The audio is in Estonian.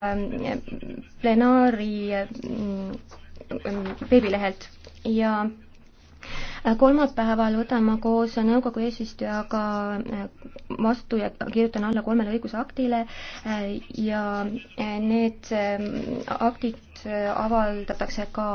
Ähm, plenaari mm, veebilehelt ja äh, kolmapäeval võtan ma koos nõukogu eesistujaga äh, vastu ja kirjutan alla kolmele õigusaktile äh, ja need ähm, aktid avaldatakse ka